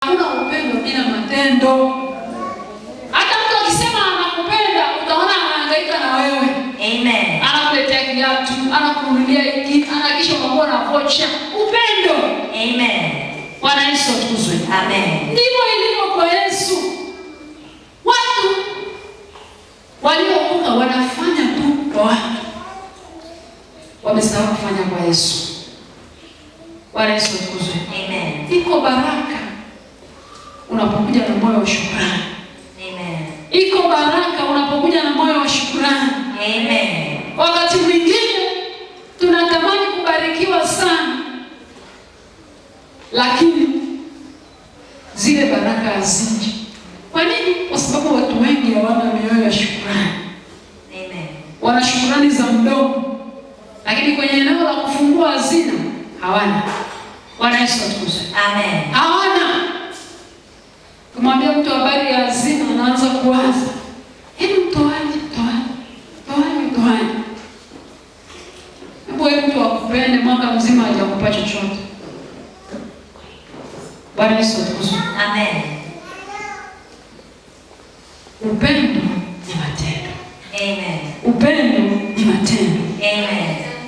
Hakuna upendo bila matendo. Hata mtu akisema anakupenda, utaona anahangaika na wewe. Amen. Anakuletea kiatu, anakununulia hiki, anahakikisha unakuwa na vocha. Upendo. Amen. Bwana Yesu atukuzwe. Amen. Ndivyo ilivyo kwa Yesu. Watu waliovuka wanafanya tu kwa watu. Wamesahau kufanya kwa Yesu. Bwana Yesu atukuzwe. Amen. Iko baraka unapokuja na moyo wa shukrani. Amen. Iko baraka unapokuja na moyo wa shukrani. Amen. Wakati mwingine tunatamani kubarikiwa sana, lakini zile baraka haziji. Kwa nini? Kwa sababu watu wengi hawana mioyo ya shukrani. Amen. Wana shukrani za mdomo, lakini kwenye eneo la kufungua hazina hawana. Bwana Yesu atukuzwe. Amen. Hawana upende mwaka mzima hajakupa chochote. Bwana Yesu atukuzwe. Amen. Upendo ni matendo. Amen. Upendo ni matendo.